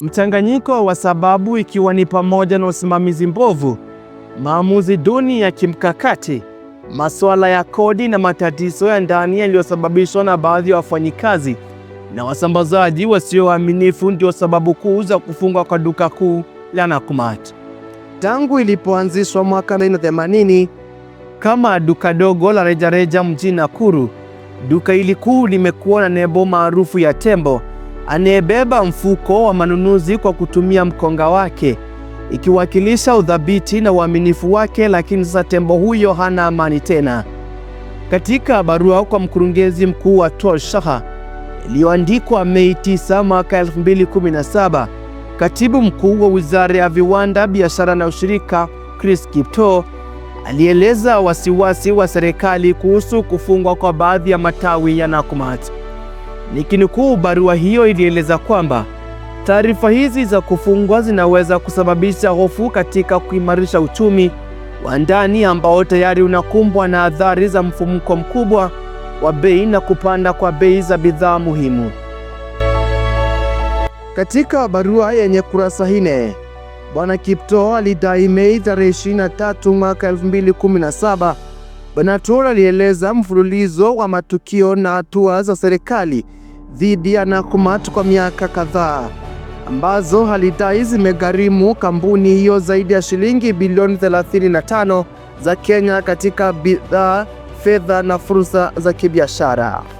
Mchanganyiko wa sababu ikiwa ni pamoja na usimamizi mbovu, maamuzi duni ya kimkakati, masuala ya kodi na matatizo ya ndani yaliyosababishwa na baadhi ya wafanyikazi na wasambazaji wasioaminifu ndio sababu kuu za kufungwa kwa duka kuu la Nakumatt. Tangu ilipoanzishwa mwaka 1980 kama duka dogo la rejareja mjini Nakuru, duka hili kuu limekuwa na nembo maarufu ya tembo anayebeba mfuko wa manunuzi kwa kutumia mkonga wake, ikiwakilisha udhabiti na uaminifu wake. Lakini sasa tembo huyo hana amani tena. Katika barua kwa mkurugenzi mkuu wa toshaha iliyoandikwa Mei 9 mwaka 2017, katibu mkuu wa wizara ya viwanda, biashara na ushirika Chris Kipto alieleza wasiwasi wa serikali kuhusu kufungwa kwa baadhi ya matawi ya Nakumatt. Nikinukuu barua hiyo, ilieleza kwamba taarifa hizi za kufungwa zinaweza kusababisha hofu katika kuimarisha uchumi wa ndani ambao tayari unakumbwa na athari za mfumuko mkubwa wa bei na kupanda kwa bei za bidhaa muhimu. Katika barua yenye kurasa nne, Bwana Kiptoo alidai Mei tarehe 23 mwaka 2017 Banatura alieleza mfululizo wa matukio na hatua za serikali dhidi ya Nakumatt kwa miaka kadhaa ambazo halidai zimegharimu kampuni hiyo zaidi ya shilingi bilioni 35 za Kenya katika bidhaa, fedha na fursa za kibiashara.